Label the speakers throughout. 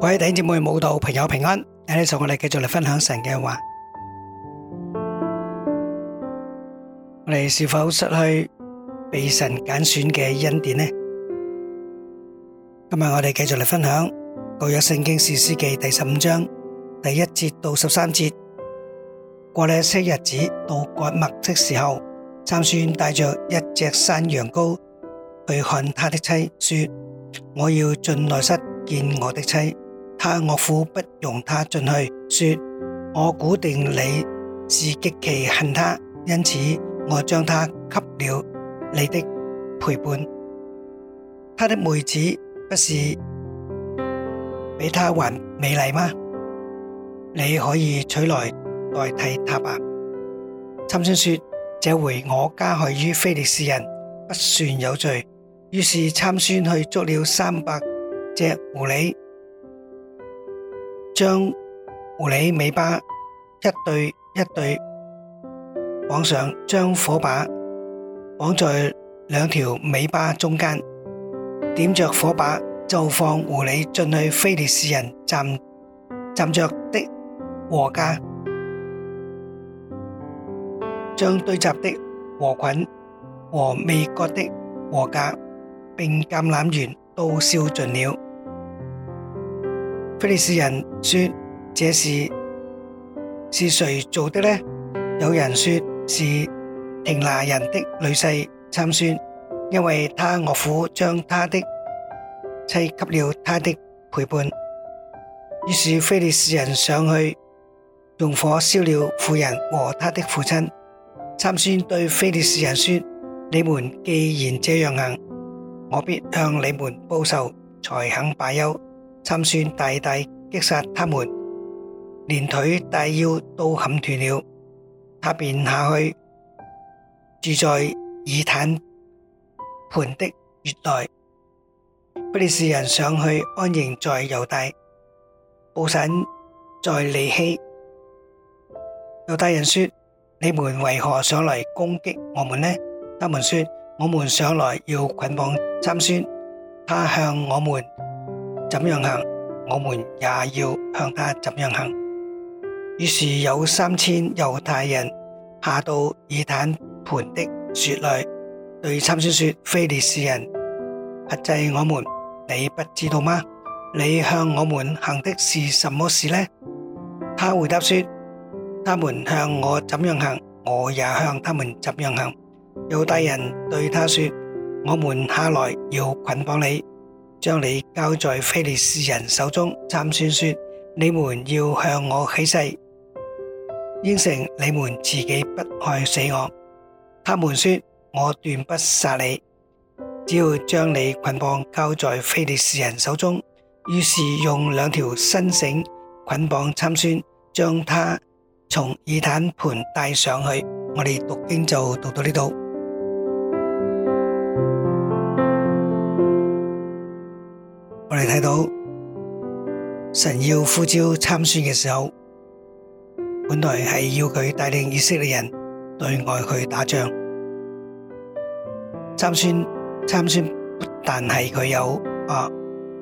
Speaker 1: 各位弟兄姊妹、信徒、朋友平安。喺呢度我哋繼續嚟分享神嘅話。我哋是否失去被神揀選嘅恩典呢？今日我哋繼續嚟分享舊約聖經士師記第十五章第一節到十三節。過了一些日子到割麥的時候，參孫帶着一隻山羊羔去看他的妻，說：我要進內室見我的妻。他岳父不容他進去，說，我估定你是極其恨他，因此我將他給了你的陪伴。他的妹子不是比他還美麗嗎？你可以取來代替他吧。參孫說：這回我加害於非利士人不算有罪。於是參孫去捉了三百隻狐狸。將狐狸尾巴一對一對綁上，將火把綁在兩條尾巴中間，點着火把，就放狐狸進去非利士人站站着的禾稼，將堆集的禾捆和未割的禾稼並橄欖園都燒盡了。菲利士人說：這事是，是誰做的呢？有人說：是亭拿人的女婿參孫，因為他岳父將他的妻給了他的陪伴。於是菲利士人上去用火燒了婦人和他的父親。參孫對菲利士人說：你們既然這樣行，我必向你們報仇，才肯罷休。參孫大大擊殺他們，連腿帶腰都砍斷了。他便下去住在以坦磐的穴內。不利士人上去安營在猶大，布散在利希。猶大人說：你們為何上來攻擊我們呢？他們說：我們上來要捆綁參孫。他向我們怎樣行，我們也要向他怎樣行。於是有三千猶太人下到以坦磐的雪裏，對參孫說菲人：非利士人壓制我們，你不知道嗎？你向我們行的是什麼事呢？他回答說：他們向我怎樣行，我也向他們怎樣行。猶大人對他說：我們下來要捆綁你。將你交在非利士人手中，參孫說：你們要向我起誓，應承你們自己不害死我。他們說我斷不殺你，只要將你捆綁交在非利士人手中。於是用兩條新繩捆綁參孫，將他從以坦盤帶上去。我哋讀經就讀到呢度。我哋睇到神要呼召參孫嘅時候，本來係要佢帶領以色列人對外去打仗。參孫參孫，不但係佢有啊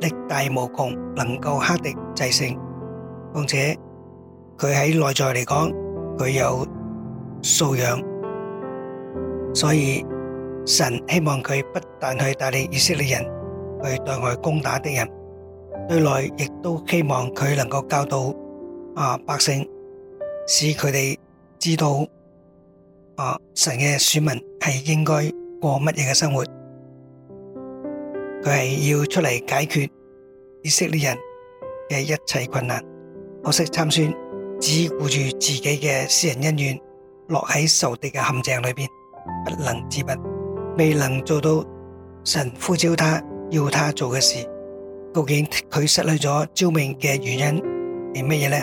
Speaker 1: 力大無窮，能夠克敵制勝，況且佢喺內在嚟講佢有素養，所以神希望佢不但去帶領以色列人。佢對外攻打敵人，對內亦都希望佢能夠教導啊百姓，使佢哋知道啊神嘅選民係應該過乜嘢嘅生活。佢係要出嚟解決以色列人嘅一切困難。可惜參孫只顧住自己嘅私人恩怨，落喺仇敵嘅陷阱裏邊，不能自拔，未能做到神呼召他，要他做嘅事，究竟佢失去咗召命嘅原因係乜嘢呢？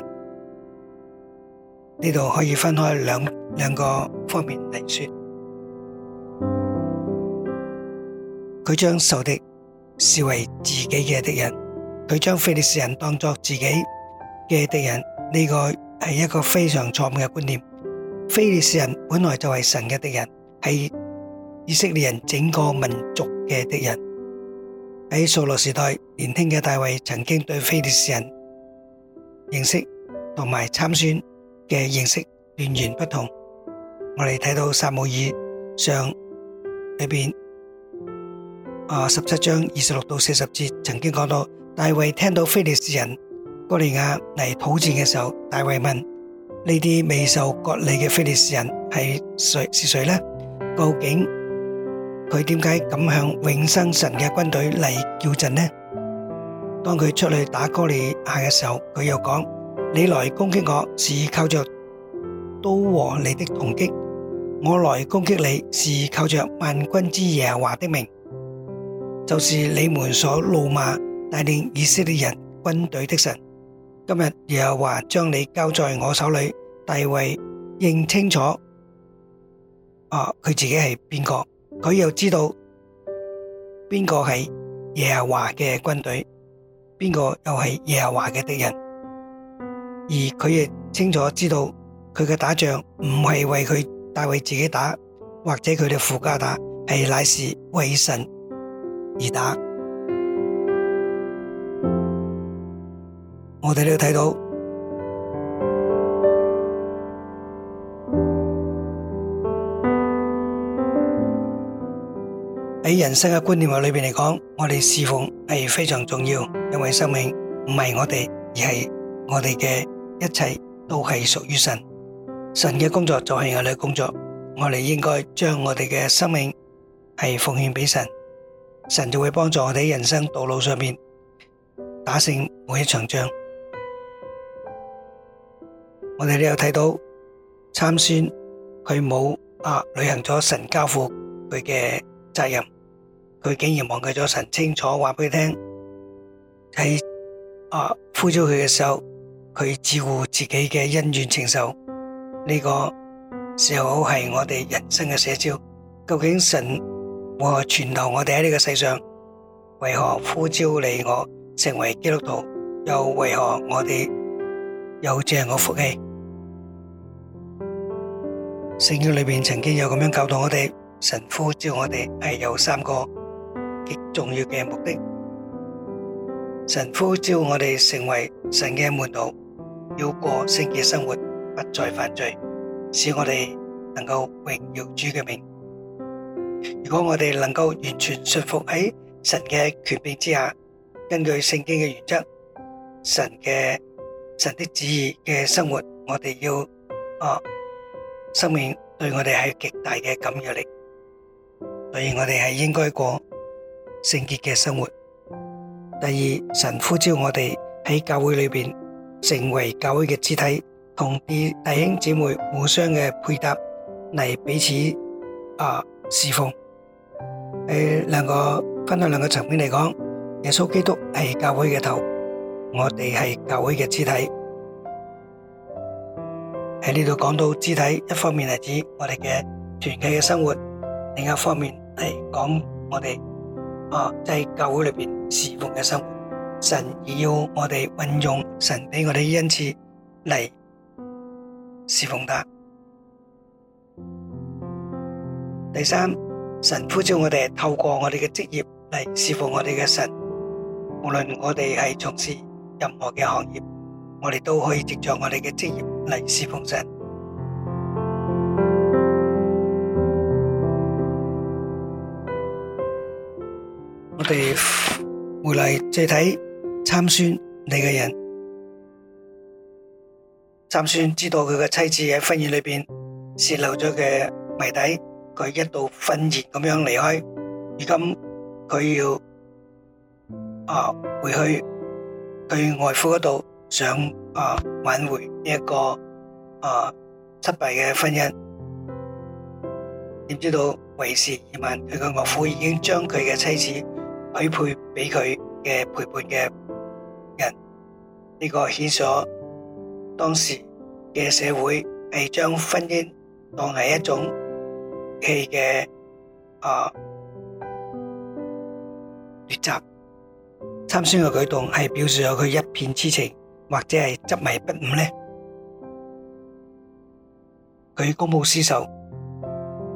Speaker 1: 呢度可以分開兩兩個方面嚟說。佢將仇敵視為自己嘅敵人，佢將非利士人當作自己嘅敵人，呢個係一個非常錯誤嘅觀念。非利士人本來就係神嘅敵人，係以色列人整個民族嘅敵人。喺掃羅時代，年輕嘅大衛曾經對非利士人認識同埋參選嘅認識源源不同。我哋睇到《撒母耳》上裏邊啊十七章二十六到四十節，曾經講到大衛聽到非利士人哥利亞嚟討戰嘅時候，大衛問呢啲未受割禮嘅非利士人係誰？是誰呢？」「究竟？佢點解咁向永生神嘅軍隊嚟叫陣呢？當佢出去打哥利亞嘅時候，佢又講：你來攻擊我是靠着刀和你的銅戟，我來攻擊你是靠着萬軍之耶和華的名，就是你們所怒罵、帶領以色列人軍隊的神。今日耶和華將你交在我手裏，大衛認清楚，啊，佢自己係邊個？佢又知道邊個係耶和華嘅軍隊，邊個又係耶和華嘅敵人，而佢亦清楚知道佢嘅打仗唔係為佢大衛自己打，或者佢哋父家打，係乃是為神而打。我哋都睇到。喺人生嘅觀念裏面嚟講，我哋侍奉係非常重要，因為生命唔係我哋，而係我哋嘅一切都係屬於神。神嘅工作就係我哋嘅工作，我哋應該將我哋嘅生命係奉獻畀神，神就會幫助我哋喺人生道路上面打勝每一場仗。我哋都有睇到參孫，佢冇啊履行咗神交付佢嘅責任。佢竟然忘記咗神清楚話俾佢聽，喺啊呼召佢嘅時候，佢照顧自己嘅恩怨情仇，呢、這個時候係我哋人生嘅寫照？究竟神為何傳道我哋喺呢個世上？為何呼召你我成為基督徒？又為何我哋又這樣我福氣？聖經裏面曾經有這樣教導我哋：神呼召我哋係有三個極重要嘅目的，神呼召我哋成為神嘅門徒，要過聖潔生活，不再犯罪，使我哋能夠榮耀主嘅名。如果我哋能夠完全順服喺神嘅權柄之下，根據聖經嘅原則，神嘅神的旨意嘅生活，我哋要，哦，生命對我哋係極大嘅感染力，所以我哋係應該過。聖潔嘅生活。第二，神呼召我哋喺教會裏邊成為教會嘅肢體，同啲弟兄姊妹互相嘅配搭嚟彼此啊侍奉。喺兩個分享兩個層面嚟講，耶穌基督係教會嘅頭，我哋係教會嘅肢體。喺呢度講到肢體，一方面係指我哋嘅團契嘅生活，另一方面係講我哋。即、啊、在、就是、教會裏邊侍奉嘅生活，神要我哋運用神俾我哋恩賜嚟侍奉他。第三，神呼召我哋透過我哋嘅職業嚟侍奉我哋嘅神。無論我哋係從事任何嘅行業，我哋都可以藉助我哋嘅職業嚟侍奉神。我哋回嚟借睇參孫的人，你嘅人參孫知道佢嘅妻子喺婚宴裏面泄露咗嘅謎底，佢一度憤然咁樣離開。如今佢要啊回去佢岳父嗰度，想啊挽回呢一個啊失敗嘅婚姻。點知道為時已晚，佢嘅岳父已經將佢嘅妻子。許配俾佢嘅陪伴嘅人，呢個顯示咗當時嘅社會係將婚姻當係一種戲嘅啊劣習。參孫嘅舉動係表示咗佢一片痴情，或者係執迷不悟咧。佢公佈私仇，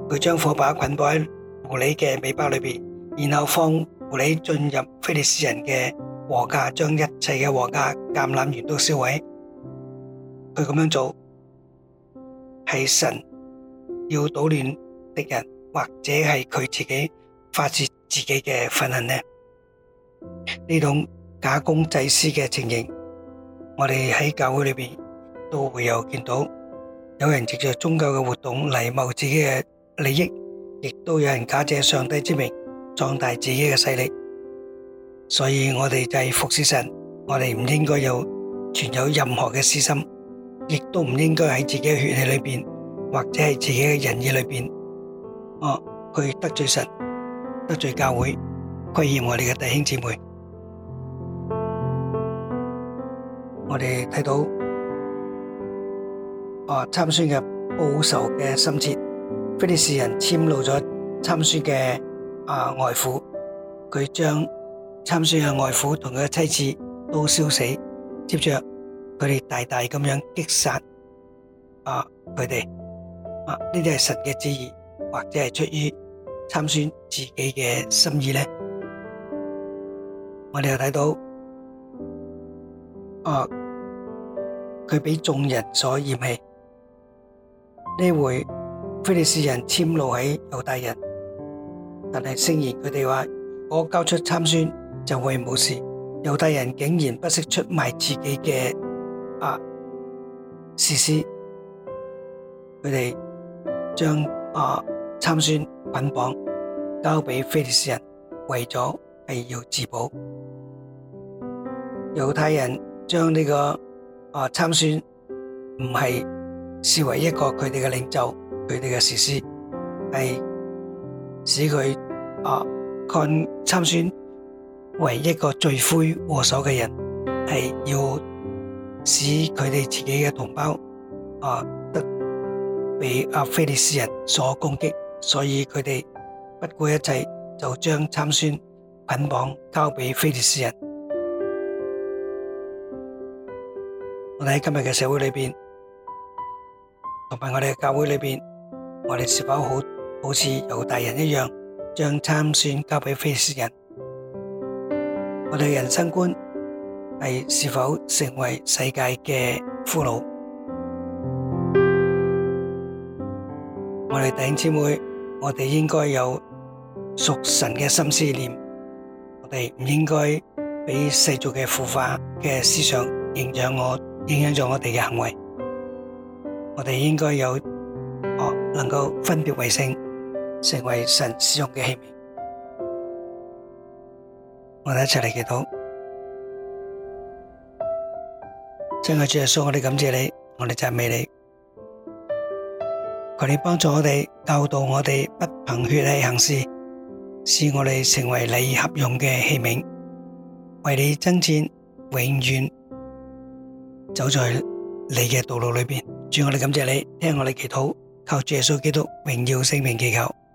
Speaker 1: 佢將火把捆綁喺狐狸嘅尾巴裏邊，然後放，狐狸進入非利士人嘅禾稼，將一切嘅禾稼橄欖園，都燒毀。佢咁樣做，係神要搗亂敵人，或者係佢自己發洩自己嘅憤恨呢？呢種假公濟私嘅情形，我哋喺教會裏面都會有見到，有人藉著宗教嘅活動嚟謀自己嘅利益，亦都有人假借上帝之名，壯大自己嘅勢力，所以我哋就係服侍神，我哋唔應該有存有任何嘅私心，亦都唔應該喺自己嘅血氣裏邊，或者係自己嘅仁義裏邊，哦，去得罪神、得罪教會、虧欠我哋嘅弟兄姊妹。我哋睇到哦，參孫嘅報仇嘅心切，非利士人遷怒咗參孫嘅。啊，外父佢將參孫嘅外父同佢嘅妻子都燒死，接着佢哋大大咁樣擊殺啊佢哋啊呢啲係神嘅旨意，或者係出於參孫自己嘅心意咧？我哋又睇到啊，佢俾眾人所嫌棄呢回，非利士人遷怒喺猶大人。但係，聲言佢哋話我交出參孫就會冇事，猶太人竟然不惜出賣自己嘅啊士師，佢哋將啊參孫捆綁交俾非利士人，為咗係要自保。猶太人將呢個啊參孫唔係視為一個佢哋嘅領袖，佢哋嘅士師係。使佢啊，看參孫為一,一個罪魁禍首嘅人，係要使佢哋自己嘅同胞啊，得被阿、啊、非利士人所攻擊，所以佢哋不顧一切就將參孫捆綁交俾非利士人。我哋喺今日嘅社會裏邊，同埋我哋嘅教會裏邊，我哋是否好？好似猶太人一樣，將參選交俾非斯人。我哋人生觀係是否成為世界嘅俘虜？我哋弟兄姊妹，我哋應該有屬神嘅心思念。我哋唔應該俾世俗嘅腐化嘅思想影響我，影響咗我哋嘅行為。我哋應該有哦，能夠分別為聖。成為神使用嘅器皿，我哋一齊嚟祈禱。親愛主耶穌，我哋感謝你，我哋讚美你，求你幫助我哋，教導我哋不憑血氣行事，使我哋成為你合用嘅器皿，為你征戰，永遠走在你嘅道路裏邊。主，我哋感謝你，聽我哋祈禱，靠主耶穌基督榮耀聖名祈求。